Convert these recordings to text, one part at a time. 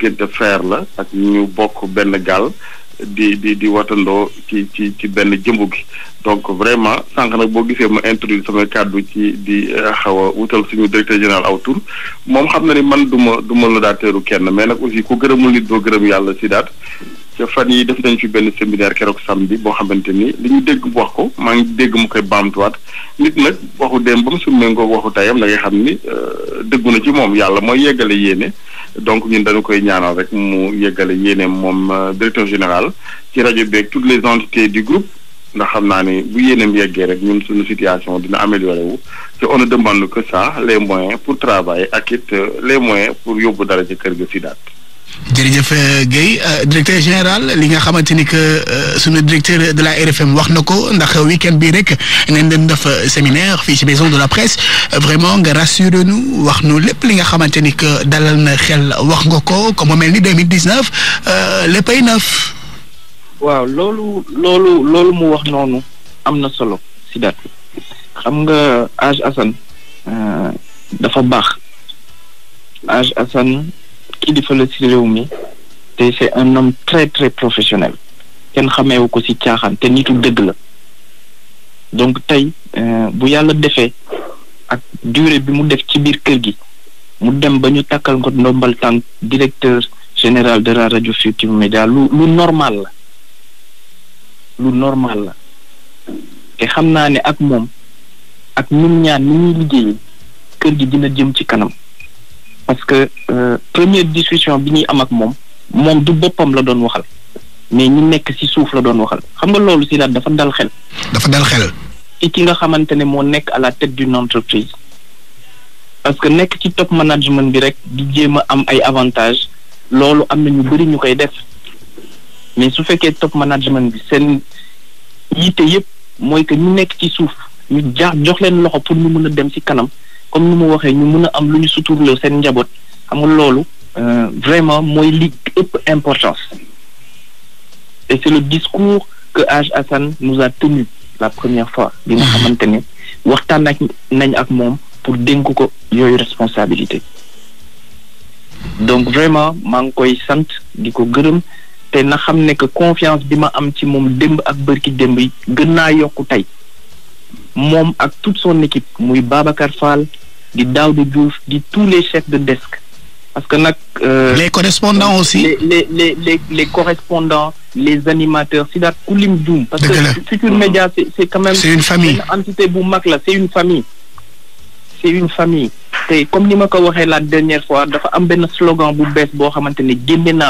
diggante frère la ak ñu bokk benn gaal di di di watandoo ci ci ci benn jëmbu gi donc vraiment sànq nag boo gisee ma introduire sama kàddu ci di euh, xaw wutal suñu directeur général aw tour moom xam na ni man du ma du ma la daateeru kenn mais nag aussi ku gërëmul nit boo gërëm yàlla si daat fan yi def nañ fi benn séminaire keroog samedi boo xamante ni li ñu dégg wax ko maa ngi dégg mu koy baamtuwaat nit nag waxu dem ba mu summee ngoo waxu tayam da ngay xam ni euh, dëggu na ci moom yàlla mooy yeggale yéene donc ñun dañu koy ñaanal rek mu yëggale yéene moom euh, directeur général ci rajo beeg toutes les entités du groupe ndax xam naa ne bu yéeneem yeggee rek ñun suñu situation dina améliorer wu te on ne demande que ça les moyens pour travailler ak it euh, les moyens pour yóbbu dara ci kër ga si daat jërëjëf euh, euh, directeur général li nga xamante ni que euh, suñu directeur de la RFM wax na ko ndax week-end bii rek nañ leen def séminaire fii ci maison de la presse vraiment nga nous nu wax nu lépp li nga xamante que dalal na xel wax nga ko comme on mel ni 2019 pays neuf. waaw loolu loolu loolu mu wax noonu am na solo si daat xam nga âge Assane dafa baax âge Assane kilifa la ci réew mi te c'est un homme très très professionnel kenn xameewu ko ci caaxaan te nitu dëgg la donc tey euh, bu yàlla defee ak durée bi mu def ci biir kër gi mu dem ba ñu takkal ko ndombal tànk directeur général de la radio Futurs Médias lu lu normal la lu normal la te xam naa ni ak moom ak ñun ñaan ni ñuy liggéeyee kër gi dina jëm ci kanam parce que euh, première discussion bi ñuy am ak mom mom du bopam la doon waxal mais ñi nekk ci souf la doon waxal xam nga loolu ci la dafa dal xel. dafa dal xel. ci ki nga xamantene mo nekk à la tête d'une entreprise parce que nekk ci top management bi rek di jéem am ay avantages loolu am na ñu bari ñu koy def mais su fekkee top management bi seen yitte yépp mooy que ñu nekk ci suuf ñu jox leen loxo pour ñu mën a dem ci kanam comme nous mu waxee ñu mun a am lu ñu suturloo seen njaboot xam nga euh, vraiment mooy li ëpp importance et c'est le discours que Haj Hassan nous a tenu la première fois bi nga xamante ne waxtaan ak nañ ak mom pour dénk ko yooyu responsabilité donc vraiment maa koy sante diko gëreum té na xamné que confiance bima am ci mom demb ak barki demb gëna yokku tay mom ak toute son équipe muy Babacar Fall di Daouda Diouf di tous les chefs de desk parce que nag. Euh, les correspondants aussi. les les les les les correspondants les animateurs si la ku lim parce que Futurs Médias c'est c'est quand même. c'est une famille entité bu mag c'est une famille. c'est une famille C'est comme ni ma ko la dernière fois dafa am benn slogan bu bees boo xamante ne génne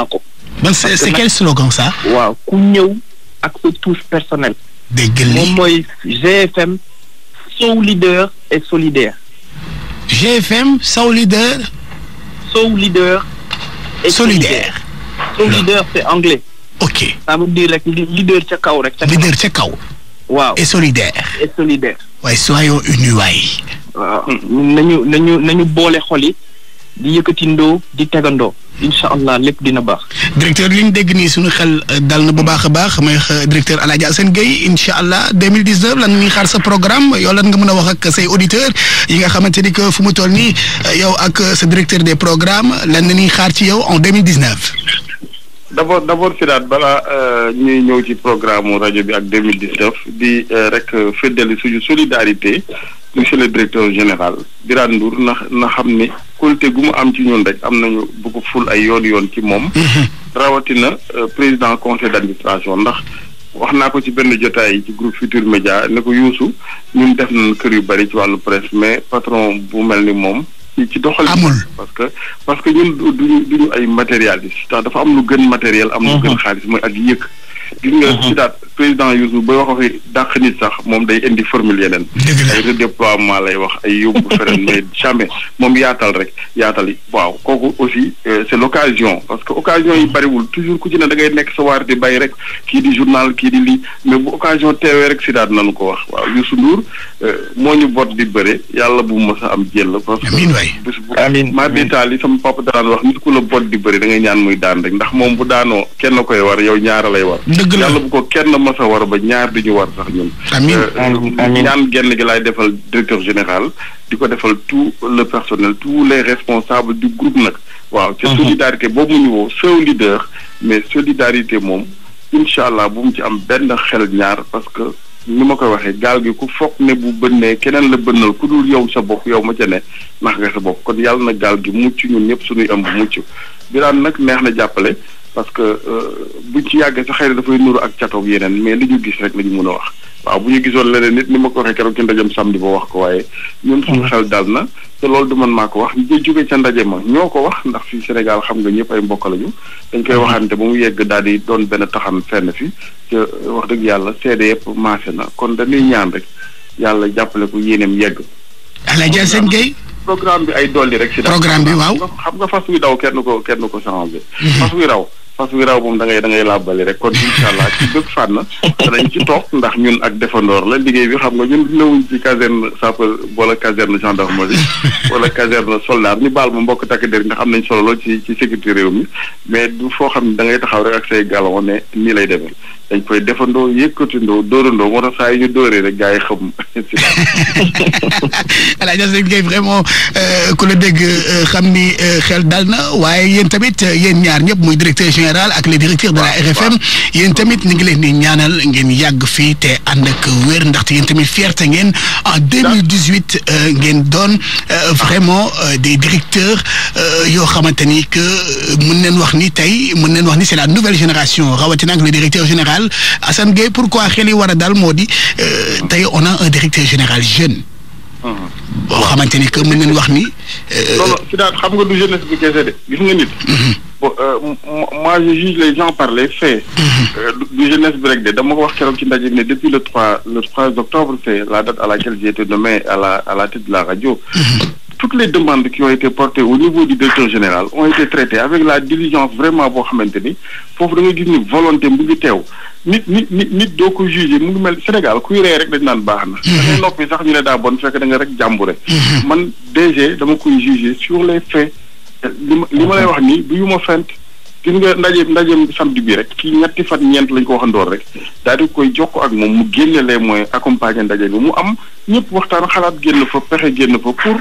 Ben c'est quel slogan ça. waaw ku ñëw ak sa touche personnelle. dégg GFM. sous leader et solidaire. GFM, Soul Leader. Leader. Et solidaire. c'est anglais. Ok. Ça veut dire leader check out, leader check out. Wow. et solidaire. et solidaire. soyons unis di yëkkatindoo di tegandoo incha allah lépp dina baax. directeur li ñu dégg nii suñu xel euh, dal na bu baax a baax may euh, directeur El Hadj Assane Gueye incha allah 2019 lan ñuy xaar sa programme yow lan nga mën a wax ak say auditeurs yi nga xamante ni que fu mu toll nii euh, yow ak sa directeur de programme lan nii xaar ci yow en 2019. d' abord d' abord Sidaat balaa ñuy ñëw ci programme rajo bi ak 2019 di rek feddali suñu solidarité monsieur le directeur général Birane Ndour na na xam ni. kóolute gu mu am ci ñun rek am nañu bu ko ful ay yoon yoon ci moom. Mhm. rawatina euh, président conseil d' administration ndax wax naa ko ci benn jotaay ci groupe Futur Média ne ko yuusu ñun def nañ kër yu bari ci wàllu presse mais patron bu mel ni moom. ci doxal parce que parce que ñun duñu duñu ay matérialiste tax dafa am lu gën matériel am lu mhm. gën xaalis mooy ak yëkk gis nga si mhm. daat président Youssou booy wax waxi dàq nit sax moom day indi formule yeneen. ay redéploiement lay wax ay yóbbu feneen mais jamais moom yaatal rek yaatal yi waaw kooku aussi euh, c' est l' occasion parce que occasion yi bariwul toujours ku ci ne da ngay nekk sa waar di bay rek kii di journal kii di lii mais bu occasion teewee rek si daat nañu ko wax waaw Youssou Ndour euh, moo ñu bot di bëre yàlla bu mu mës a am jël parce que ma bu maa di taal yi sama papa daan wax nit ku la di bëri da ngay ñaan muy daan rek ndax moom bu daanoo kenn koy war yow ñaara lay war ma war ba ñaar di ñu war sax ñun. amiin euh, ñaan genn gi lay defal directeur général di ko defal tout le personnel tous les responsables du groupe nag. waaw ci mhm. solidarité boobu mu ñu woo sew leader mais solidarité moom inshallah bu mu ci am benn xel ñaar parce que. ni ma koy waxee gaal gi ku foog ne bu bënnee keneen la bënnal ku dul yow sa bopp yow ma ca ne nax nga sa bopp kon yàlla na gaal gi mucc ñun ñëpp suñuy am bu mucc biraan nag neex na jàppale parce que euh, buñ ci yàggee sa xëy na dafay nuru ak catoog yeneen mais li ñu gis rek la ñu mën a wax waaw bu ñu gisoon leneen nit ni ma ko waxee keroog ci ndajam samedi ba wax ko waaye ñun na te loolu du maa ko wax ñu jóge ndaje ma ñoo ko wax ndax fii Sénégal xam nga ñëpp ay mbokk lañu dañ koy waxante ba mu yegg daal di doon benn taxan fenn fi te euh, wax dëgg yàlla seede yëpp maase na kon dañuy ñaan rek yàlla jàppale ko yéeneem yegg Alaaji Assane Gueye programme bi ay dolli rek si programme bi waaw xam nga fas wi daw kenn ko kenn ko changé mhm. parce que moom dangay ngay da ngay rek kon incha allah ci bépp fànn danañ ci toog ndax ñun ak defandoor la liggéey bi xam nga ñun newuñ ci caserne sapeur wala caserne gendarmerie wala caserne soldat ñu baal ma mbokk takk der ndax am nañ solo lool ci ci sécurité réew mi mais du foo xam ne da ngay taxaw rek ak say galon ne nii lay demee dañ koy defandoo yëkkatindoo dóorandoo moo tax saa yi ñu dóoree rek gars yi xam. voilà Niassène Gueye vraiment euh, ku la dégg euh, xam ni euh, xel dal na waaye yéen tamit yéen ñaar ñëpp muy directeur général ak le directeur de la RFM yéen tamit ni ngi leen ni ñaanal ngeen yàgg fii te ànd ak wér ndaxte yéen tamit fierté ngeen en 2018 mille dix huit ngeen doon ah. vraiment des directeurs yoo xamante ni que mën nañ wax ni tey mën nañ wax ni c'est la nouvelle génération rawatina ak le directeur général à Assane Gueye pourquoi xel yi war a euh, on a un directeur général jeune. -hmm. que euh, non non moi je juge les gens par les faits. Euh, du jeunesse break de dama wax depuis le 3 le 3 octobre c'est la date à laquelle j'ai été nommé à la à la tête de la radio. toutes les demandes qui ont été portées au niveau du directeur général ont été traitées avec la diligence vraiment pour maintenir pour volonté militaire. nit nit nit nit doo ko jugé mu ngi mel Sénégal kuy ree rek dañ naan baax na. dangay mhm. noppi sax ñu ne daa bon fekk da nga rek jàmbure. Mhm. man DG dama koy jugé sur les faits. li ma li ma lay wax nii bu yu ma fent gis nga ndaje ndajeem samedi bi rek kii ñetti fan ñeent lañ ko waxandoor rek daal di koy jokk ak moom mu génne les moyens accompagner ndaje bi mu am ñëpp waxtaan xalaat génn fa pexe génn fa pour.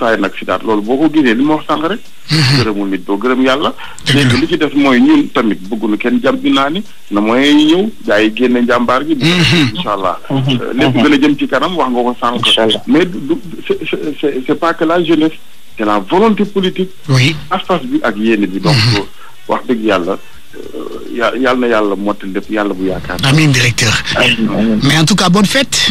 taay nag si daal loolu boo ko génnee li ma wax sànq rek. Mhm. gërëmul nit doo gërëm yàlla. léegi li ci def mooy ñun tamit bëgguñu kenn jàmm bi naa ni na mooy ñëw gars yi génne njàmbaar gi. Mhm. incha allah. Mhm. Euh, lépp gën a jëm ci kanam wax nga ko sànq. mais du c'est c'est c'est pas que la jeunesse c'est la volonté politique. oui pas bi ak yéene bi. donc wax dëgg yàlla. Euh, yàlla na yàlla mottali lépp yàlla bu yaakaar. amiin directeur. mais en tout cas bonne fête.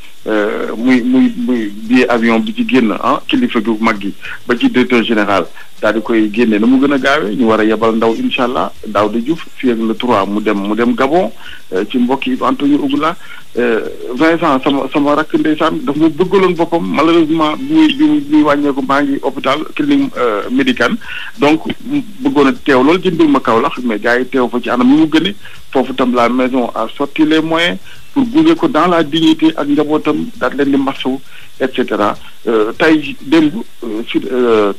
Euh, muy muy muy bi avion bi ci génn ah kilifa gu mag gi ba ci directeur général daal di koy génne na mu gën a gaawee ñu war a yebal ndaw incha allah Daouda Diouf fii ak le 3 mu dem mu dem Gabon euh, ci mbokk yi Antonio Ogoula euh, Vincent sama sama rakk ndeysaan daf ma bëggaloon boppam malheureusement bi muy bi muy wàññeeku maa ngi hôpital clinique euh, médicale donc bëggoon a teew loolu jëndul ma Kaolack mais gars yi teew fa ci anam yi mu gëne foofu tam la maison a sorti moyen pour gunge ko dans la dignité ak njabootam daal leen di masawu. et cetera euh, tey démb si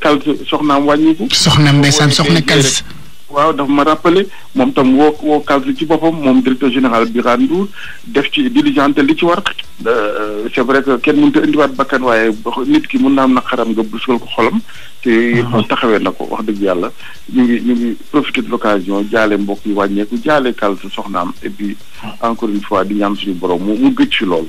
Kals soxnaam wàññiku. soxnaam ndeysaan soxna Kals. waaw dafa ma rappelé moom tam woo woo Kals ci boppam moom directeur général bi randour def ci diligente li ci war euh, c' est vrai que kenn mënut indi indiwaat bakkan waaye nit ki mën naa am na xaram nga busal ko xolam. te ah. taxawee na ko wax dëgg yàlla ñu ngi ñu ngi profité de l' occasion jaale mbokk yi wàññeeku jaale Kals soxnaam et puis ah. encore une fois di ñaan suñu borom mu mu gëj ci lool.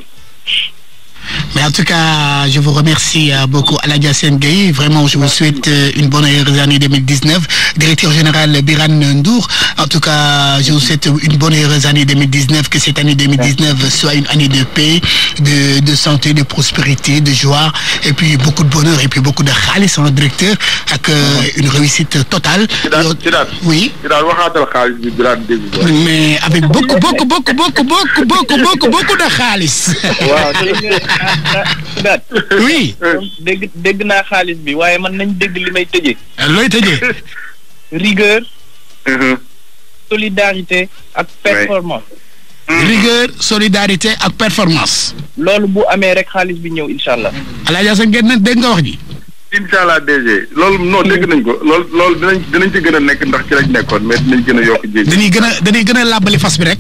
Mais en tout cas, je vous remercie euh, beaucoup, Aladia gay Vraiment, je vous souhaite euh, une bonne heureuse année 2019. Directeur général Biran Ndour, en tout cas, je vous souhaite une bonne heureuse année 2019, que cette année 2019 soit une année de paix, de, santé, de prospérité, de joie, et puis beaucoup de bonheur, et puis beaucoup de khalis en hein, directeur, avec euh, une réussite totale. Oui. Mais avec beaucoup, beaucoup, beaucoup, beaucoup, beaucoup, beaucoup, beaucoup, beaucoup de khalis. daat oui. dégg dégg naa xaalis bi waaye man nañ dégg li may tëjee. Eh, looy tëjee. rigueur. Mhm. solidarité ak performance. Mhm. rigueur solidarité ak performance. loolu bu amee rek xaalis bi ñëw incha allah. Alaaji Assane ngeen na dégg nga wax ji. incha allah DG loolu non dégg nañ ko lool loolu dinañ dinañ ci gën a nekk ndax ci lañ nekkoon mais dinañ gën a yokk. dañuy gën dañuy gën a làbbali fas bi rek.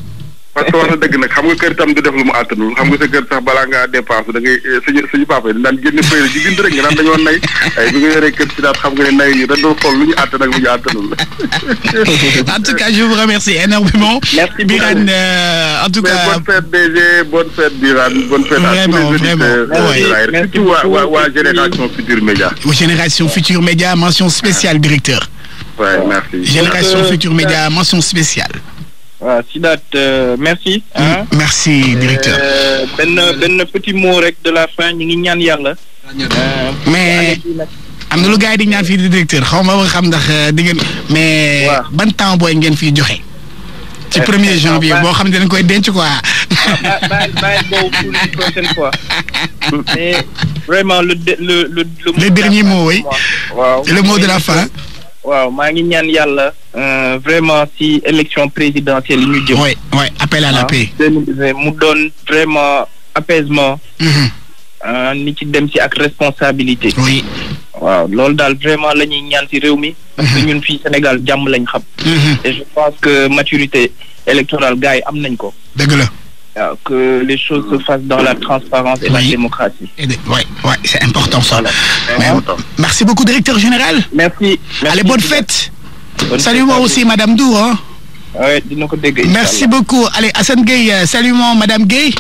parce que wax na dëgg nag xam nga kër tam du def lu mu àttanul xam nga sa kër sax bala nga dépense da ngay eh, suñu suñu papa yi daan génn fay la ji bind rek nga naan dañoo nay ay bi nga yoree kër si daal xam nga ne nay yi dañoo xool lu ñu àttan nak lu ñu àttanul en tout cas je vous remercie énormément merci Birane euh, en tout cas bonne fête BG bonne fête Birane bonne fête à tous les auditeurs euh, surtout waa waa waa Génération future Média Génération future Média mention spéciale directeur ouais merci Génération future Média mention spéciale waaw Sidath euh, merci. ah merci euh, directeur. Ben, ben, petit mot rek de la fin ñu ngi ñaan yàlla. mais am na lu gars yi di ñaan fii di directeur xaw ma xam euh, di mais ban temps booy ngeen fiy joxe. ci premier janvier boo xam ne dañ koy denc quoi. bàyyi bàyyi boobu pour une prochaine fois. mais vraiment le le le. le dernier mot oui. waaw le mot de la fin waaw ma ngi ñaan euh, vraiment si élection présidentielle yi ñu jëm. oui oui appel à la ah, paix. nous donne vraiment apaisement. Mhm. Euh, ni ci dem si ak responsabilité. oui. waaw l'ol d'al vraiment la ñuy ñaan si réew mi. parce que mhm. ñun fii Sénégal jàmm lañ xam. Mhm. et je pense que maturité électorale gars yi am nañ ko que les choses se fassent dans la transparence et la démocratie. Oui, c'est important ça. Merci beaucoup, directeur général. Merci. Allez, bonne fête. salut moi aussi, Madame Dou. Hein. merci beaucoup. Allez, Hassan Gueye, euh, salut moi Madame Gay.